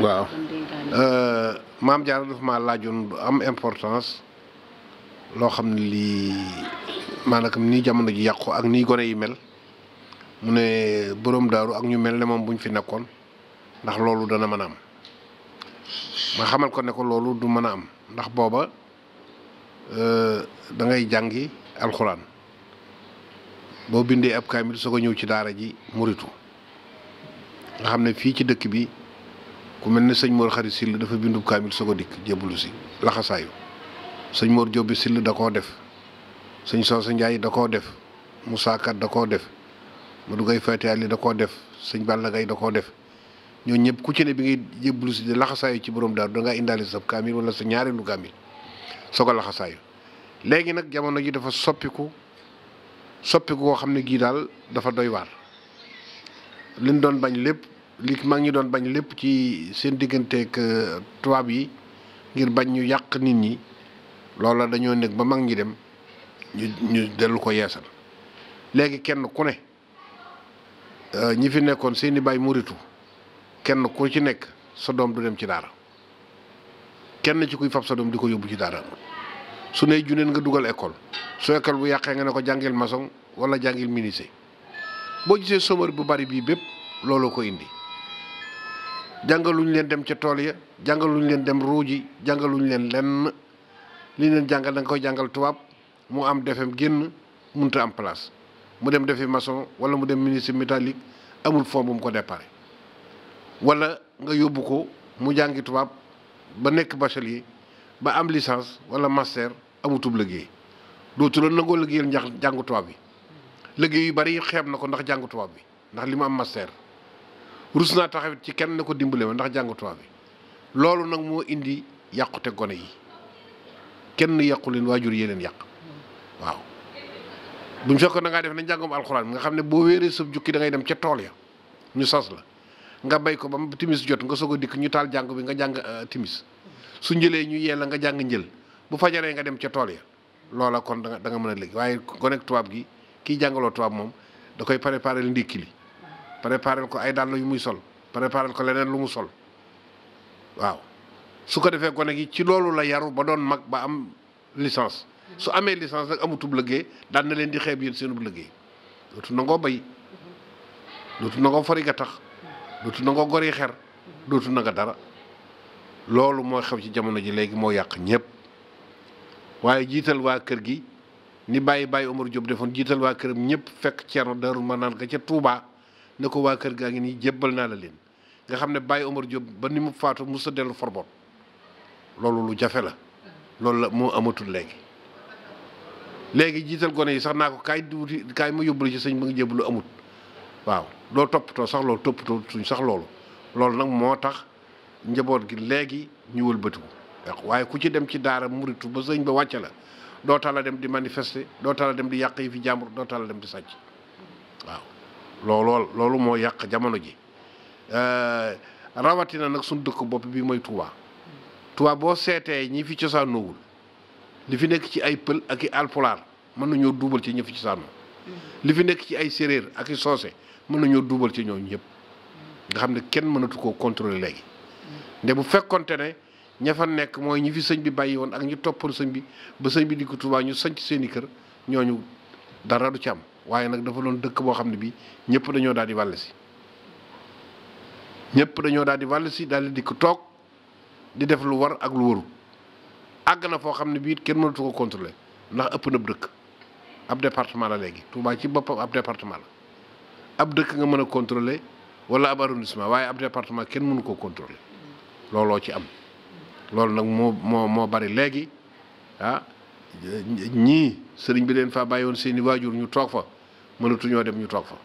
waaw euh, maam Diarra dafa ma laajoon bu am importance loo xam ne lii maanaam nii jamono ji yàqu ak ni gone yi mel mu ne boroom daaru ak ñu mel ne moom bu ñu fi nekkoon ndax loolu dana mën a am ma xamal ko ne ko loolu du mën a am ndax booba euh, da ngay jàngi alxuraan boo bindee ab kaamil soo ko ñëw ci daara ji muritu nga xam ne fii ci dëkk bi ku mel ne sëñ Mor Xari Sill dafa bindub kaamil soog a dikk jébbalu si laxasaayu sëñ Mor Jóob Sill da koo def sëñ Soosa Njaay da koo def Musaa Kat da koo def Madu Gay Faati Ali da koo def sëñ Balla Gay da koo def ñooñu ñëpp ku ci ne bi ngay jébbalu si di laxasaayu ci borom daaru da ngaa indaale sa kaamil wala sa ñaareelu kaamil soog a laxasaayu léegi nag jamono ji dafa soppiku soppiku koo xam ne gii daal dafa doy waar liñ doon bañ lépp. li mag ñi doon bañ lépp ci seen digganteeg euh, tubaab yi ngir bañ ñu yàq nit ñi loola dañoo nekk ba mag ñi dem ñu dellu ko yeesal léegi kenn ku ne euh, ñi fi nekkoon seeni baay muritu kenn ku ci nekk sa doom du dem ci daara kenn ci kuy fab sa doom di ko yóbbu ci daara su ne juneen nga dugal école su école bu yàqee nga ne ko jàngil maçon wala jàngil menuisier boo gisee chômeur bu bari bii bépp looloo ko indi jàngaluñu leen dem ca tool ya jàngaluñ leen dem ruuji jàngaluñ leen lenn li leen jàngal da nga koy jàngal tubaab mu am defem génn munta am place mu dem defi maçon wala mu dem ministre métallique amul fond bu mu ko déparé walla nga yóbbu ko mu jàngi tubaab ba nekk bachelier ba am licence wala master amutub liggéey dootu la nangoo liggéeyal ndax jàngu tubaab bi liggéey yu bari xeeb na ko ndax jàngu tubaab bi ndax li mu am master rus naa taxawit ci kenn ne ko dimbale ma ndax jàngu tubaab bi loolu nag moo indi yàqute gone yi kenn yàqu leen waajur yee leen yàq waaw buñ fekkoon na ngaa def na njàngum alxuraan nga xam ne boo wéeree sëb jukki dangay dem ca tool ya ñu sas la nga bay ko ba timis jot nga soog a dikk ñu taal jàng bi nga jàng euh, timis su njëlee ñu yee la nga jàng njël bu fajaree nga dem ca tool ya loola kon da da nga mën a léegi waaye gone tuwaab gi kiy jàngaloo tubaab moom da koy préparer ndékki li préparel ko ay dàll yu muy sol préparel ko leneen lu mu sol waaw su ko defee gone gi ci loolu la yaru ba doon mag ba am licence su amee licence nag amutub liggéey daan na leen di xeeb yéen seenub liggéey dootu nangoo bay dootu nangoo fori ga tax dootu nangoo gori xer dootu na nga dara loolu moo xew ci jamono ji léegi moo yàq ñëpp waaye jiital waa kër gi ni bàyyi bàyyi Omar Diop defoon jiital waa këram ñëpp fekk ceerno ma Manaan ga ca Tuubaa ne ko waa kër gaa ngi nii jébbal naa la leen nga xam ne bàyyi Omar Diop ba ni mu faatu mu sa dellu forbot loolu lu jafe la loolu la moo amatul léegi léegi jiital gone yi sax naa ko kaay wuti kaay ma yóbbul ci sëñ ba nga jébbalu amut waaw doo toppatoo sax loolu toppatoo suñ sax loolu loolu nag moo tax njaboot gi léegi ñu wëlbatiku waaye ku ci dem ci daara muritu ba sëñ ba wàcce la doo tala dem di manifesté doo tala dem di yàq yi fi jàmbur doo tala di sàcc waaw looloo loolu moo yàq jamono ji euh, rawatina nag suñ dëkk bopp bi mooy Touba Touba boo seetee ñi fi cosaanoowul li fi nekk ci ay pël ak i alpulaar mën nañoo duubal ci ñi fi cosaanoo li fi nekk ci ay séréer ak i soose mën nañoo duubal ci ñooñu ñëpp nga xam ne kenn mënatu ko contrôler léegi nde bu fekkonte ne ña fa nekk mooy ñi fi sëñ bi bàyyi woon ak ñu toppoon sëñ bi ba sëñ bi di ko Touba ñu sanc seen i kër ñooñu dara du ci am waaye nag dafa doon dëkk boo xam ne bii ñëpp dañoo daal di wàll si ñëpp dañoo daal di wàll si daal di dikk toog di def lu war ak lu waru àgg na foo xam ne bii kenn mënatu ko contrôler ndax ëpp na dëkk ab département la léegi Touba ci boppam ab département la ab dëkk nga mën a contrôler wala ab arrondissement waaye ab département kenn mënu koo contrôler looloo ci am loolu nag moo moo moo bari léegi ah. ñii sëriñ bi leen faa bàyyi woon seeni waajur ñu toog fa mënatuñoo dem ñu toog fa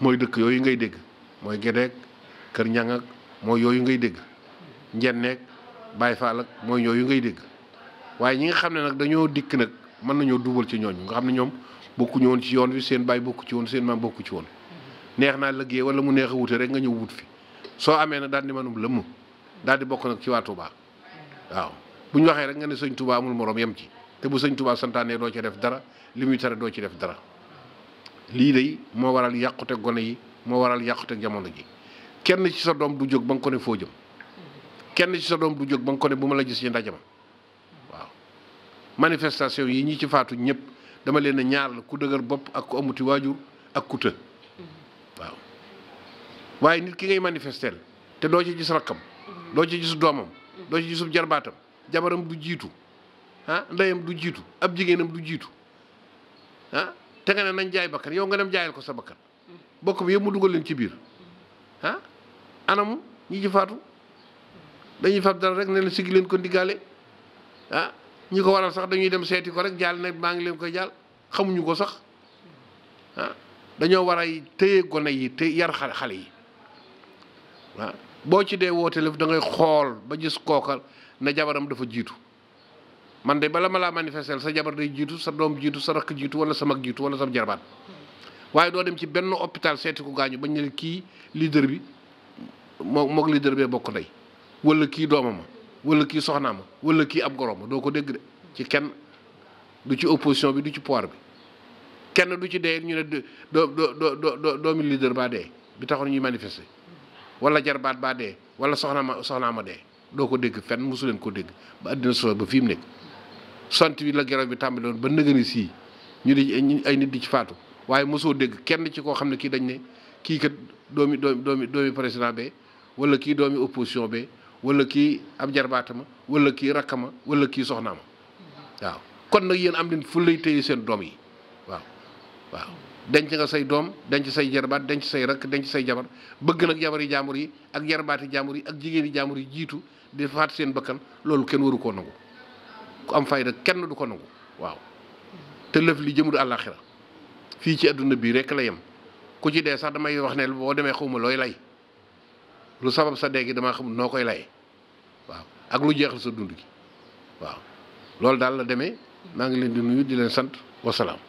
mooy dëkk yooyu ngay dégg mooy Gédéeg Kër Ñang ak mooy yooyu ngay dégg Njenneeg Baay Faal ak mooy yooyu ngay dégg waaye ñi nga xam ne nag dañoo dikk nag mën nañoo duubal ci ñooñu nga xam ne ñoom bokkuñu woon ci yoon wi seen baay bokku ci woon seen maam bokku ci woon neex naa liggéey wala mu neex a wute rek nga ñëw wut fi soo amee nag daal di mënum lëmm daal di bokk nag ci waa Touba waaw bu waxee rek nga ne sëñ Touba amul morom ci. te bu sëñ Tuubaa santaane doo ci def dara li muy tere doo ci def dara lii day moo waral yàqute gone yi moo waral yàqute jamono ji kenn ci sa doom du jóg ba nga ko ne kenn ci sa doom du jóg ba nga ko bu ma la gis ci ndaje ma waaw manifestation yi ñu ci faatu ñépp dama leen ñaar la ku dëgër bopp ak ku amuti waajur ak ku të waaw waaye nit ki ngay manifestel te doo ci gis rakkam doo ci gis doomam doo ci gisub jarbaatam jabaram du jiitu Ah, ndeyam du jiitu ab jigéenam du jiitu ah te nga ne nañ jaay bakkan yow nga dem jaayal ko sa bakkan bokk bi yëpp mu dugal leen ci biir ah, anam ñi jëfaatu dañuy fab dara rek ne la sigi leen ko ndigaale ah, ñi ko waral sax dañuy dem seeti ko rek jaal ne maa ngi leen koy jaal xamuñu ko sax dañoo war ay téye gone yi te yar xale xale yi waaw boo ci dee woote lef da xool ba gis kookal na jabaram dafa jiitu man de bala malaa laa manifestel sa jabar day jiitu sa doom jiitu sa rakk jiitu wala sa mag jiitu wala sa jarbaat waaye doo dem ci benn hôpital seeti ku gaañu bañ ne kii leader bi moo moog leader bokk ndey wala kii doomama wala kii soxnaama wala kii ab goroma doo ko dégg ci kenn du ci opposition bi du ci pouvoir bi kenn du ci dee ñu ne do do do doomi leader baa dee ñuy manifester wala jarbaat baa dee wala soxnaama soxnaama dee doo ko dégg fenn mosu leen ko dégg ba àddina solo ba fi mu nekk. 68 la garab bi tàmbali woon ba nëgëni sii ñu di ay nit di ci faatu waaye mosoo dégg kenn ci koo xam ne kii dañ ne kii kat doomi doomi doomi président be wala kii doomi opposition be wala kii ab ma wala kii ma wala kii soxnaama waaw kon nag yéen am leen fu lay téye seen doom yi waaw waaw denc nga say doom denc say jarbaat denc say rakk denc say jabar bëgg nag jabar yi jaambur yi ak jarbaati jaambur yi ak jigéen yi jaambur yi jiitu di faat seen bakkan loolu kenn waru koo nangu ku am fayda kenn du ko nangu waaw te lëf li jëmul àllaaxira fii ci àdduna bii rek la yem ku ci dee sax damay wax ne boo demee xawma looy lay lu sabab sa dee gi damaa xamul noo koy laye waaw ak lu jeexal sa dund gi waaw loolu daal la demee maa ngi leen di nuyu di leen sant wasalaam